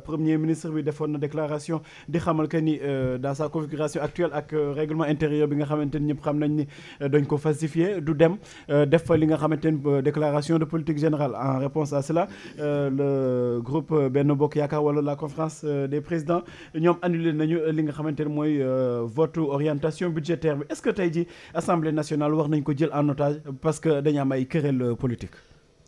premier ministre bi defoon na déclaration di xamal que ni euh, dans sa configuration actuelle ak euh, règlement intérieur bi nga xamante ni ñëpp xam nañ ni euh, dañ ko falsifié du dem def fa li nga xamante ni déclaration de politique générale en réponse à cela le groupe benn Bokk Yaakaar wala la conférence des président ñoom annulé nañu li nga xamante ni mooy vote orientation budgétaire bi est-ce que tey ji assemblée nationale wax nañ ko jël en otage parce que dañu am ay querelle politique.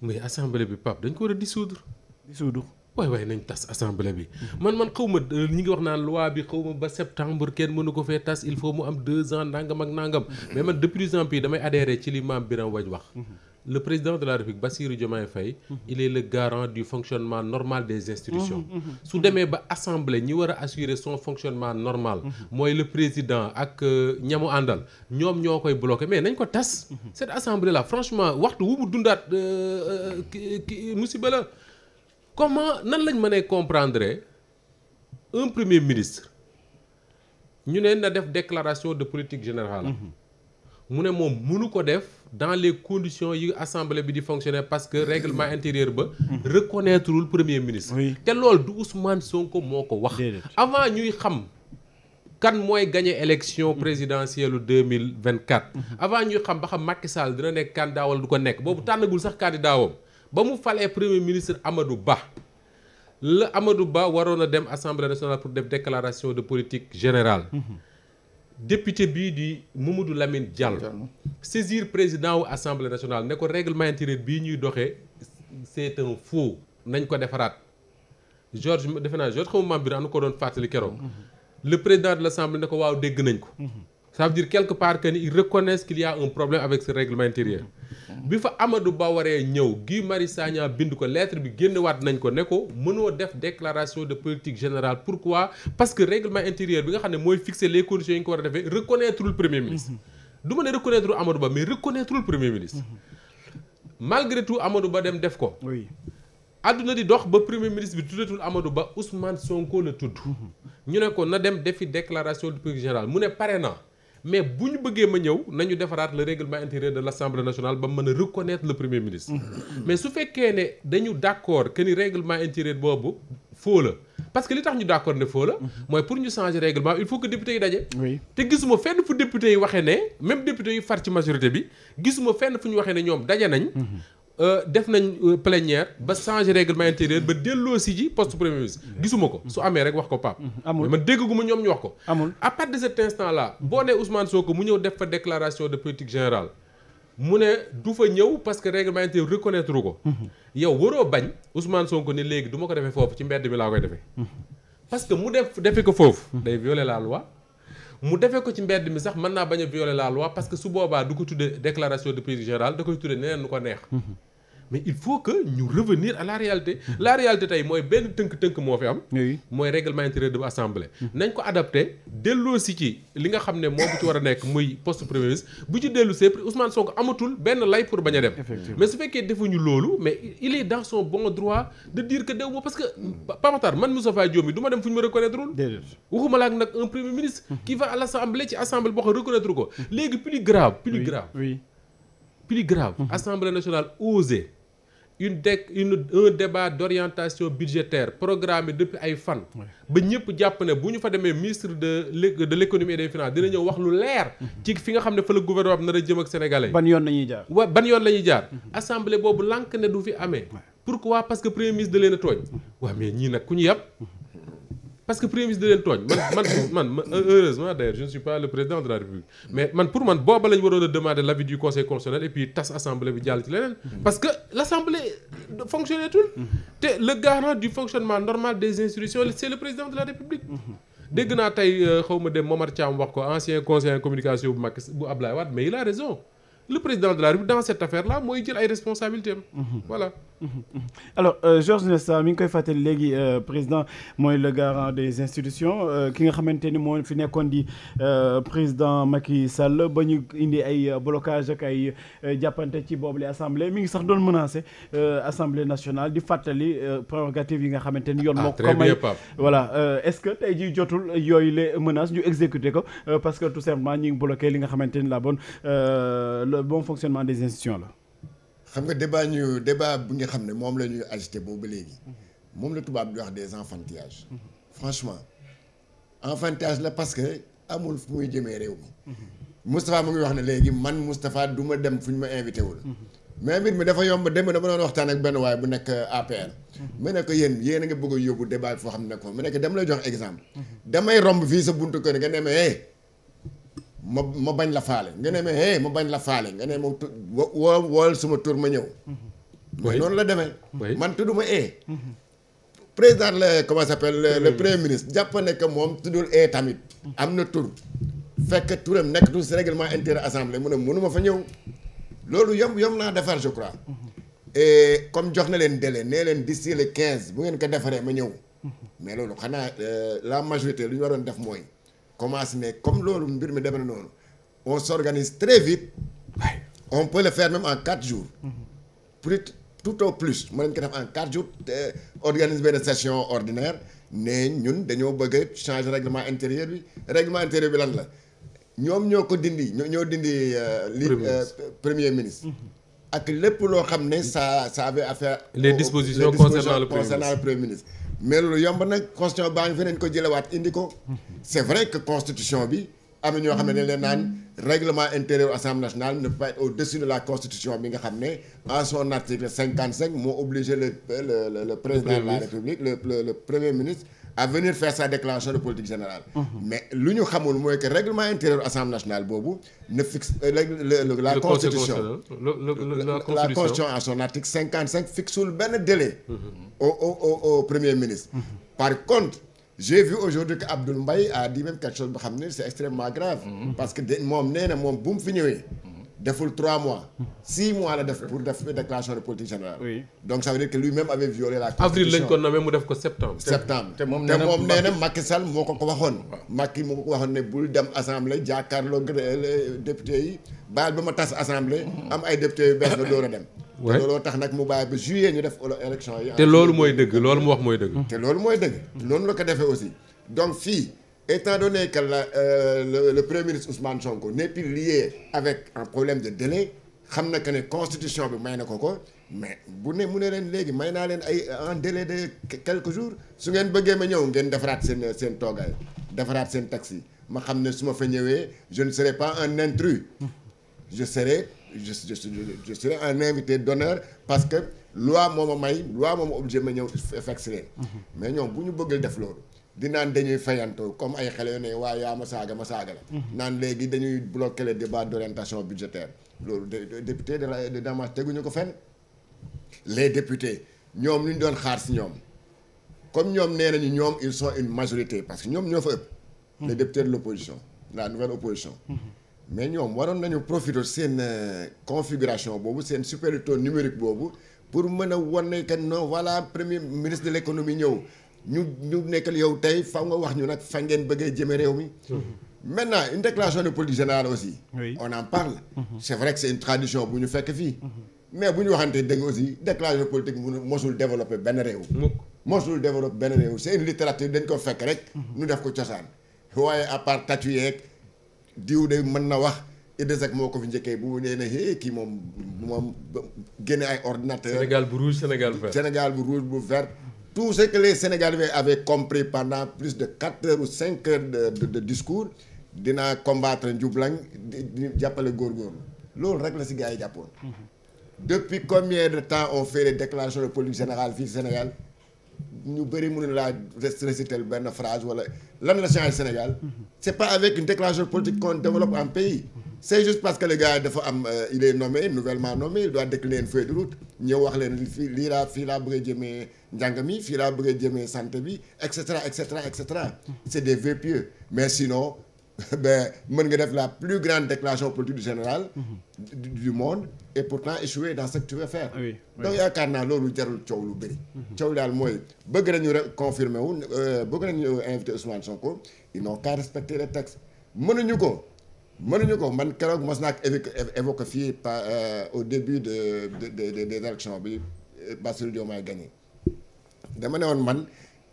mais assemblée bi Pape dañ ko war a dissoudre. dissoudre. waay waay nañ tas assemblée bi man man xaw ma euh, ñi ngi wax naan loi bi xaw ma ba septembre kenn mënu ko fee tas il faut mu am deux ans nangam ak nangam mais man en plus damay adhéré ci li maam Birame Wathie wax le président de la République Bassirou Diomaye Faye il est le garant du fonctionnement normal des institutions su demee ba assemblée ñi war a son fonctionnement normal mooy le président ak euh, ñamu àndal ñoom ñoo koy bloqué mais nañ ko tas cette comment nan lañ mënee comprendre un premier ministre ñu ne na def déclaration de politique générale. Mhm. mu ne moom munu ko def dans les conditions yi assemblée bi di fonctionner parce que règlement intérieur ba. Mhm. reconnaîtrewul premier ministre. te lool du Ousmane Sonko moo ko wax. avant ñuy xam. kan mooy gagné élection mhm. présidentielle deux mille vingt quatre. avant ñuy xam ba xam Macky Sall dina nekk candidat wala du ko nekk boobu tànnagul sax candidat wam ba mu falee premier ministre Amadou Ba la Amadou Ba waroon a dem assemblée nationale pour def déclaration de politique générale. Mhm. député bii di mu Mamadou Lamine jàll saisir président wu assemblée nationale ne ko règlement intérieur bii ñuy doxee c'est un nañ ko defaraat George defe naa George xamu maam bi anu ko doon fàttali keroog. Mhm. le président de l'assemblée ne ko waaw dégg nañ ko. Mhm. ça veut dire quelque part que ni ils reconnaissent qu'il y problème bi fa Amadou Ba waree ñëw Guy Marius Sagna bind ko letre bi génnewaat nañ ko ne ko mënoo def déclaration de politique générale pourquoi parce que règlement intérieur bi nga xam ne mooy fixer les conditions yi nga ko war a defee reconnaître premier ministre mhm. du ma ne reconnaître Amadou Ba mais reconnaître le premier ministre mhm. malgré tout Amadou Ba dem def ko oui àdduna di dox ba premier ministre bi tuddatul Amadou Ba Ousmane Sonko la tudd mhm. ñu ne ko na dem defi déclaration de politique générale mu ne pare na mais bu ñu bëggee ma ñëw nañu defaraat le règlement intérieur de l' assemblée nationale ba mën a reconnaître le premier ministre. Mm-hmm. Mm-hmm. mais su fekkee ne dañu d' accord que ni boobu faux la. parce que li tax ñu d' accord ne faux la. Mm-hmm. mooy pour ñu changer règlement il faut que député yi daje. oui te gisuma fenn fu député yi waxe ne même député yi far ci majorité bi gisuma fenn fu ñu waxee ne ñoom daje nañ. Euh, def nañ euh, plénière ba changer règlement intérieur ba delloo si ji poste premier ministre gisuma ko su amee rek wax ko Pape mm-hmm. amul man dégguma ñoom ñu wax ko amul à partir de cet instant là boo nee Ousmane Sonko mu ñëw def fa déclaration de politique général mu ne du fa ñëw parce que règlement intérieur reconnaître ko mm-hmm. yow waroo bañ Ousmane Sonko ne léegi du ma ko defee foofu ci mbedd mi laa koy defee mm-hmm. parce que mu def defe ko foofu day violer la loi mu defee ko ci mbedd mi sax mën naa bañ a violer la loi parce que su boobaa du ko tuddee déclaration de politique ko neex mais il faut que ñu revenir à la réalité mm-hmm. la réalité tey mooy benn tënk-tënk moo fi am mooy règlement intérieur de assemblée mm-hmm. nañ ko adapté delloo si ci li nga xam ne moo bu ci war a nekk muy post premier ministre bu ci dellu see Ousmane ko amatul benn lay pour bañ a dem mais su fekkee defuñu loolu mais il est dans son bon droit de dire que dew ma parce que mm-hmm. pamatar man Moustapha Diop mi du ma dem fu ñu ma reconnaître wul laa laak nag un premier ministre qui va à l' assemblée ci assemblée boo xam reconnaître ko léegi plus grave plus grave plus grave assemblée nationale osée une de une un débat d'orientation budgétaire programmé depuis ay fan. ba ñëpp jàpp ne bu ñu fa demee ministre de de l'économie et des finances dina ñëw wax lu leer. Mhm. ci fi nga xam ne fa la gouvernement nar a jëm ak sénégalais. ban yoon la ñuy jaar wa ban yoon la ñuy jaar. Mhm. assemblée boobu lànk ne du fi amee. pour pourquoi parce que premier ministre da leen a tooñ. Mhm. waaw mais ñii nag ku ñu yàpp parce que premier ministre da leen tooñ man man man heureusement d'ailleurs je ne suis pas le président de la république mais man pour man booba la waroon a demander l'avis du conseil constitutionnel et tas assemblée bi jàll ci leneen parce que l'assemblée fonctionnetul te le garant du fonctionnement normal des institutions c'est le président de la république dégg naa tey euh, xaw ma dem Momar Thiam wax ko ancien conseiller en communication bu Macky bu Ablaye Wade mais il la République dans Mhm. alors euh, Georges Nesta mi ngi koy fàttali léegi euh, président mooy le garant des institutions euh, ki nga xamante ni moo fi nekkoon di président Macky Sall ba ñu indi ay blocage ak ay jàppante ci boobu la assemblée mi ngi sax doon menacé assemblée nationale di fàttali prérogative yi nga xamante ni yoon ah, moo ko may voilà est-ce que tey jii jotul yooyu les menaces ñu exécuter ko parce que tout simplement ñu ngi li nga xamante ni la bonne le bon fonctionnement des institutions la xam nga débat ñu débat bi nga xam ne moom la ñuy agité boobu ba léegi moom la tubaab di wax des enfantillages franchement enfantillage la parce que amul fu muy jëmee réew mi Moustapha mu ngi wax ne léegi man Moustapha du ma dem fu ñu ma invité wul mais mbir mi dafa yomb démb dama doon waxtaan ak benn waay bu nekk APR mu nekk ko yéen yéen a nga bëgg a yóbbu débat foo xam ne ko mu nekk dama lay jox exemple damay romb fii sa buntu kër nga demee ma ma bañ la faale nga ne ma bañ la faale nga ne ma woo wool suma tur ma ñëw. mooy mm-hmm. noonu la demee. man tudduma ee. Eh. Mm-hmm. président la comment s'appelle le premier ministre jàpp ne que moom tuddul ee eh tamit. am na tur. fekk turam nekkatul si règlement intérieur assemblée mu ne mënuma fa ñëw. loolu yomb yomb naa defar je crois. Mm-hmm. et comme jox na leen délai nee leen d'ici le quinze bu ngeen ko defaree ma ñëw. mais loolu xanaa euh, la majorité lu ñu waroon def mooy. commence ne comme loolu mbir mi demee noonu on s'organise très vite on peut le faire même en quatre jours mm-hmm. plus tout au plus mën nañ ko def en quatre jours organise benn session ordinaire ne ñun dañoo bëgg a changer règlement intérieur bi règlement intérieur bi lan la ñoom ñoo ko dindi ñoo dindi euh, li premier ministre euh, mm-hmm. ak lépp loo xam ne sa ça avait affaire. les dispositions concernant le premier ministre le premier ministre. mais loolu yomb nag constitution baa ngi fi ko jëlewaat indi c'est vrai que constitution bi am na ñoo xam ne dañ leen naan règlement intérieur assemblée nationale ne peut au-dessus la constitution bi nga xam ne en son article cinq moo obligé le le le président de la république le le premier ministre. à venir faire sa déclaration de politique générale. Mmh. mais lu ñu xamul mooy que règlement intérieur assemblée nationale boobu ne fixe euh, le, le, la le constitution le, la, constitution en son article fixul benn délai. Mhm. au premier ministre. Mhm. par contre j'ai vu aujourd'hui que Abdoul Mbaye a dit même quelque chose boo xam ne c'est extrêmement grave. Mhm. parce que moom nee moom bu mu fi ñëwee. deful trois mois six mois la def pour def déclaration de politique générale. oui donc ça veut dire que lui-même avait violé la. constitution avril lañ ko nommé mu def ko septembre. septembre te moom nee na moom nee na Macky Sall moo ko ko waxoon. Macky moo ko ko waxoon ne bul dem assemblée jàkkaarloo euh, député yi baal ba ma tas assemblée. Mm-hmm. am ay député yu bees na door a dem. te looloo tax nag mu bàyyi ba juillet ñu def élection yi. te loolu mooy dëgg loolu mu wax mooy dëgg. te loolu mooy dëgg. Mm-hmm. noonu la ko defee aussi donc fii. étant donné que la, euh, le, le premier ministre Ousmane Sonko n'est plus lié avec un problème de délai xam na que ne constitution bi may na ko ko mais bu ne mu ne leen léegi may naa leen ay en délai de quelques jour su ngeen bëggee ma ñëw ngeen defaraat seen seen toogaay defaraat seen taxi ma xam ne su ma fa ñëwee je ne serai pas un intrus je serai je je je serai un invité d'honneur parce que loi moo ma may loi moo ma obligé ma ñëw fekk si leen mais ñoom bu ñu bëggee def loolu. di naan dañuy fayantoo comme ay xale yu ne waaye yaa ma saaga ma saaga la. Mhm. naan léegi dañuy bloquer le débat d'orientation budgétaire loolu député de la de Damas ñu ko fenn. les députés ñoom lu ñu doon xaar si ñoom comme ñoom nee nañu ñoom ils sont une majorité parce que ñoom ñoo fa ëpp. Mhm. les députés de l'opposition la nouvelle opposition. Mhm. mais ñoom waroon nañu profiter seen euh, configuration boobu seen supériorité numérique boobu pour mën a wan ne que voilà premier ministre de l'économie ñëw. ñu ñu nekkal yow tey faw nga wax ñu nag fa ngeen bëggee jëme réew mi maintenant une déclaration de politique générale aussi oui. on en parle mhm. c'est vrai tradition bu ñu fekk fii mhm. mais bu ñu waxante dëgg aussi déclaration politique mu mosul développé benn réew mosul développé benn réew c'est une littérature dañ ko fekk rek ñu mhm. def ko cosaan waaye à part tatu yeeg diw de mën na wax Idrissa Seck moo ko fi njëkkee bu nee na hé kii moom moom génne ay ordinateur Sénégal bu rouge Sénégal vert Sénégal bu rouge bu vert tout ce que les Sénégalais avaient compris pendant plus de quatre heures ou cinq heures de de, de discours dina combattre njublañ di jàppale góor góorgóorlu loolu rek la si gars yi jàppoon. depuis combien de temps on fait les de politique générale fii Sénégal ñu bëri mënuñ laa réciter benn phrase wala lan la changé Sénégal. c'est pas avec une déclaration politique qu'on développe un pays. c' juste parce que le gars dafa am euh, il est nommé nouvellement nommé il doit décliner une feuille de route ñëw wax leen fii lii laa fii laa bëgg a jëmee njàng mi fii laa bëgg a jëmee santé bi et cetera et cetera et des vœux pieux mais sinon ben mën nga def la plus grande déclaration politique générale du monde et pourtant échouer dans ce que tu veux faire donc yaakaar naa loolu jarul coow lu bëri coow daal mooy bëgg nañu confirmer wu euh, bëgg nañu euh, invité Ousmane Sonko ils n'ont qu'à respecter les textes mënuñu ko mënuñu ko man keroog mos naa évoqué fii par euh, au début de de de des élections bi euh, Bassirou Diomaye gagné dama ne woon man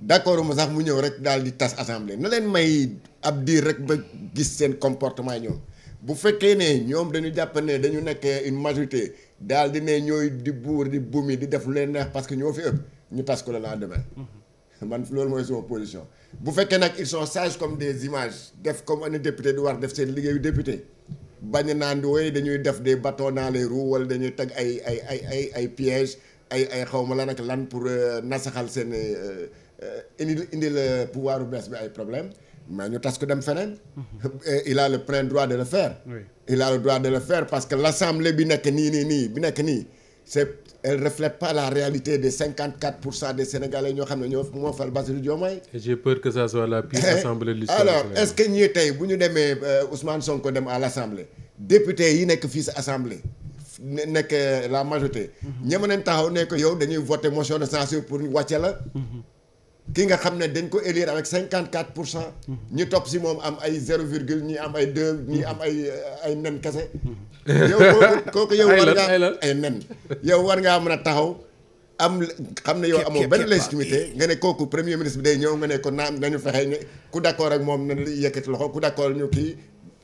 d' accord ma sax mu ñëw rek daal di tas assemblée na leen may ab diir rek ba gis seen comportement ñoom bu fekkee ne ñoom dañu jàpp ne dañu nekk une majorité daal di ne ñooy di buur di buum yi di def lu leen neex parce que ñoo fi ëpp ñu tas ko le lendemain. Mm-hmm. man loolu mooy sama position bu fekkee nag ils sont sages comme des images def comme un député di war def seen liggéeyu député bañ naan di wooy dañuy def des bâtons naa les roues wala dañuy teg ay ay ay ay ay pièges ay ay xaw ma lan ak lan pour euh, nasaxal seen euh, euh, indi indi le pouvoir bu bees bi ay problème mais ñu tas ko dem feneen. Mhm. il a le plein droit de la faire. il a la droit de le faire parce que l'assemblée bi nekk nii nii nii bi nekk nii. c'est elle reflète pas la réalité des 54 pour cent des sénégalais ñoo xam ne ñoo moo fal Bassirou Diomaye. que ça soit la pire eh, assemblée de l'histoire alors est-ce que ñii tey bu ñu demee euh, Ousmane Sonko dem à l'assemblée député yi nekk fii si assemblée nekk euh, la majorité. Mhm. ñeme nañ taxaw ne yow dañuy voter motion de censure pour ñu wàcce la. Mhm. ki nga xam ne dañ ko élire avec cinquante quatre pour cent hmm. ñi topp si moom am ay zéro virgule ñi am ay deux ñi hmm. am ay ay nen kese hmm. yow kooku yow war ngaa ay nen yow war ngaa mën a taxaw am xam ne yow amoo benn légitimité nga ne kooku premier ministre bi day ñëw nga ne ko am nañu fexe ku d'accord ak moom na yëkkati loxo ku d'accord ñu kii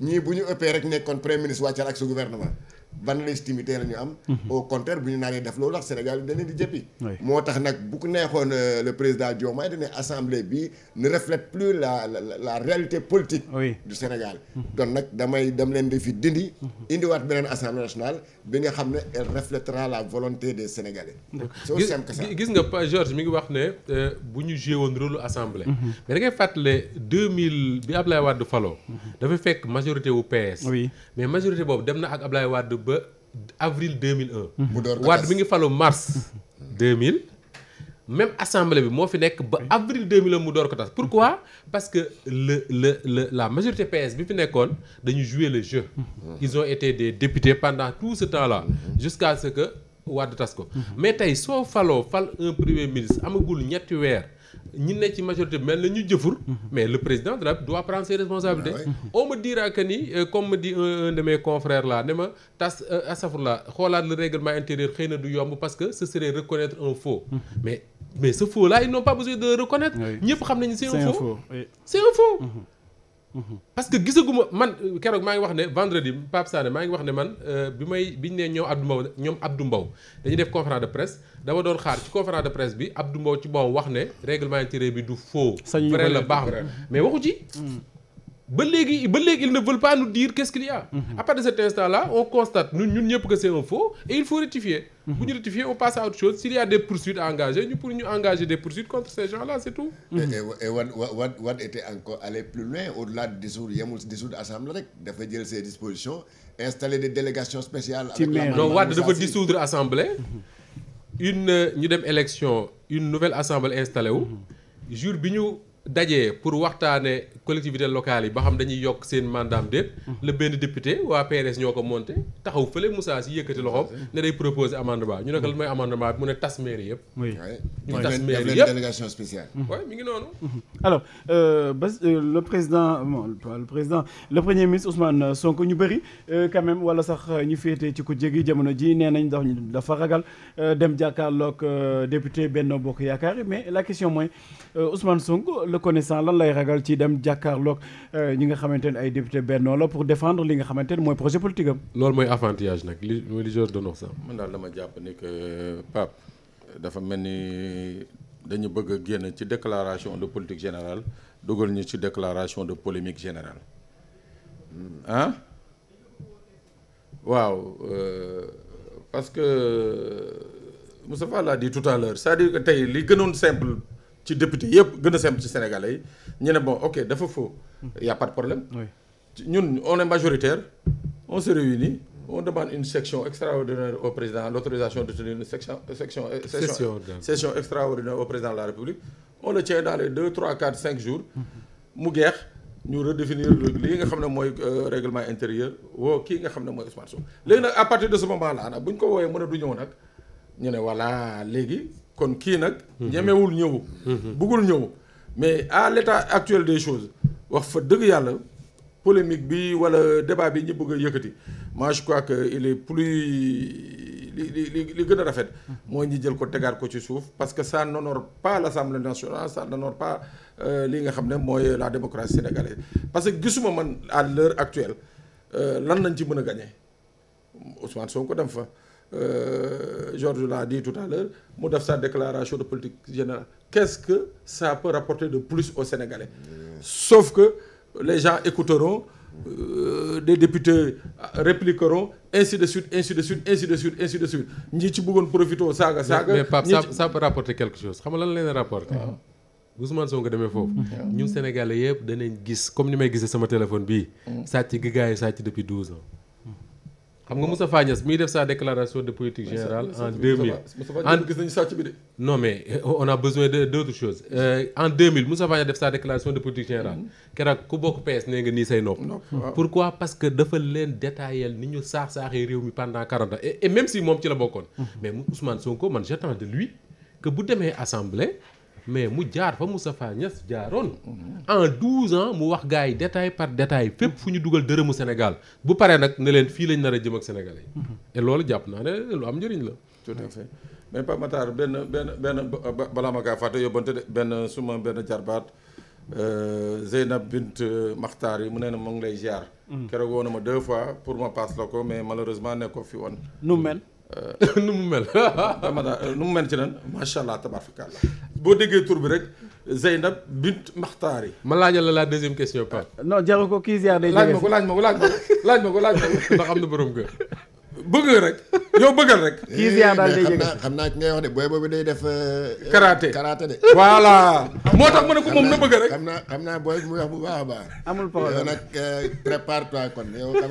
ñii bu ñu ëppee rek nekkoon premier ministre wàccal ak su gouvernement ban légitimité la ñu am. o mhm. contraire bu ñu naanee def loolu ndax Sénégal da leen jëppi. moo tax nag bu ko neexoon euh, le président Diomaye dana assemblée bi ne reflète plus la la la réalité politique. du Sénégal. donc mhm. nag damay dam leen di fi dindi. Mhm. indiwaat beneen assemblée nationale. bi nga xam ne elle reflétera la volonté des sénégalais. c'est gis nga Pa Georges mi ngi wax ne euh, bu ñu joué woon rôle assemblée. Mm-hmm. mais da ngay fàttale deux mille bi Ablaye Wade falo mm-hmm. dafa fekk majorité wu PS. oui mais majorité boobu dem na ak Ablaye Wade ba avril deux mille un. Mm-hmm. mu door mi ngi falu mars deux mille. même assemblée bi moo fi nekk ba avril 2000 mu door ko tas pourquoi mm-hmm. parce que le le le la majorité PS bi fi nekkoon dañu jouer le jeu. Mm-hmm. ils ont été des députés pendant tout ce temps là. Mm-hmm. jusqu'à ce que Wade tas ko. mais tey soo faloo fal un premier ministre amagul ñetti weer. ñi ne ci majorité bi mel na ñu jëfur. mais le président de la doit prendre ses responsabilités. Ah ouais. que ni euh, comme me dit un de mes confrères là ne ma tas euh, asafurla xoolaat le règlement intérieur xëy na du yomb parce que ce serait un faux. mais mais ce faux là ils n'ont pas besoin de le reconnaître ñëpp xam nañu c'est un faux c'est un faux mhm. Mhm. parce que gisaguma man keroog maa ngi wax ne vendredi Pape Sané maa ngi wax ne man euh, bi may biñ ne ñoom Abdou Mbow ñoom Abdou mbaw dañu def conférence de presse dama doon xaar ci conférence de presse bi Abdou Mbow ci boo wax ne réglement intérieur bi du faux vrai la baax mais waxu ci mhm. ba léegi ba léegi ils ne veulent pas nous dire qu'est-ce qu'il y a. Mhm. à partir de cet instant-là on constate ñun ñun ñëpp que c'est un faux et il faut rectifier. Mhm. bu ñu rectifier on passe à autre s'il y a des poursuites à engager ñu pour ñu engager des poursuites contre ces gens-là c'est tout. et mhm. Wade Wade Wade était encore allé plus loin de dissoudre yemul si dissoudre assemblée rek dafa jël ses dispositions installer des délégations spéciales. ci maire donc Wade dafa une ñu dem élection une nouvelle assemblée installée wu. jour bi ñu. dajee pour waxtaane collectivité locale yi ba xam dañuy yokk seen mandaam déet la benn député waa PRS ñoo ko monté taxaw fële Moussa si yëkkati loxoom ne day proposé amendement ñu ne ko lu mooy amendement bi mu ne tas mairie yëpp ñu ngi noonu mhm. alors euh, ba euh, le le président le premier ministre Ousmane Sonko ñu bëri euh, quand même wala sax ñu féete ci ko jégi jamono ji nee nañ dafa dafa ragal dem jàkkaarloog député Benno Bokk Yaakaar mais la question mooy Ousmane Sonko reconnaissant lan lay ragal ci dem jàkkaarloog euh, ñi nga xamante ne ay député bennoo la pour défendre li nga xamante ne mooy projet politique am. loolu mooy avantage nag li mooy li doon wax sax. naa daal dama jàpp ni que euh, Pape dafa mel ni dañu bëgg génn ci déclaration de politique général dugal ñu ci déclaration de polémique générale ah waaw euh, parce que sa l'a dit tout à l'heure cest dire que tey li gënoon simple. ci député yëpp gën a simple ci sénégalais yi ñu ne ok dafa fo y a pas de problème ñun oui. on est majoritaire on se réunit on demande une section extraordinaire au président l'autorisation de tenir une section section euh, session session extraordinaire au président de la République on le tient dans les deux trois quatre cinq jours mu geex ñu redéfinir lii nga xam ne mooy euh, règlement intérieur woo kii nga xam ne mooy Ousmane Sonko léegi nag à partir de ce moment là nag bu ko woowee mën a du ñëw nag ñu ne voilà léegi kon kii nag. ñemewul ñëw. bëggul ñëw mais à l'état actuel des choses wax fa dëgg yàlla polémique bi wala débat bi ñu bëgg a yëkkati moi je crois que il est plus. li li li li gën a rafet mooy ñu jël ko tegaat ko ci suuf parce que ça nonor pa l'Assemblée nationale ça nonor pa euh, li nga xam ne mooy la démocratie sénégalaise parce que gisuma man à l'heure actuelle euh, lan lañ ci mën a gañe gagner soo ko dem fa euh, Georges l'a dit tout mu def sa déclaration de politique générale qu'est-ce que sa peut rapporter de plus au Sénégalais mmh. sauf que les gens écouteront euh, des députés répliqueront ainsi de suite ainsi de suite ainsi de suite ainsi de suite ñi ci bëggoon profité saaga saaga mais Pape ça ça rapporter quelque chose xam lan leen rapporter mm-hmm. Ousmane Sonko demee foofu. Mm-hmm. ñun Sénégalais yëpp danañ gis comme ni may gisee sama téléphone bi mm-hmm. sàcc gi gars yi sàcc depuis 12 ans. xam nga Moustapha Niasse mi def sa déclaration de politique générale en 2000 en gis nañu d' autre chose en 2000 Moustapha Niasse def sa déclaration de politique générale mm-hmm. keroog ku bokk PS nee nga nii say nopp. pourquoi parce que dafa leen détaillel ni ñu saax saaxee réew mi pendant 40 et même si moom ci la bokkoon. Mm-hmm. mais Ousmane Sonko man j'attends de lui que bu demee assemblée. mais mu jaar fa Moustapha Niass jaaroon en douze ans mu wax gars yi détail par détail fépp fu ñu dugal dërëmu Sénégal bu paree nag ne leen fii lañ nar a jëm ak Sénégalais yi te loolu jàpp naa ne lu am njëriñ la tout à fait mais Pape Matar benn benn benn balaa ma kaa fàtte yóbbante de benn suma benn jarbaat euh, Zeynab bint euh, Maxtaar yi mu ne na mu ngi lay jaar mm. keroog woon na ma deux fois pour ma passe la ko mais malheureusement nekk ko fi woon nu mel Euh, nu mu mel. Ramadan nu mu mel ci lan macha allah tabarakallah boo déggee tur bi rek Zeynab bint Maxtaari. ma laajal la la deuxième question Pape. Euh, non jaru ko kii ziar day. laaj ma ko laaj ma ko laaj ma ko laaj ma ko laaj ma ko ndax am na borom kër. bëgg rek yow bëggal rek. kii ziar daal day eh, jege xam naa ki ngay wax de booy boobu day def. Euh, karaté karaté de. voilà moo tax ma ne ko moom na bëgg rek. xam naa xam naa booy bu muy wax bu baax a baax. amul problème yow nag prépare toi kon yow.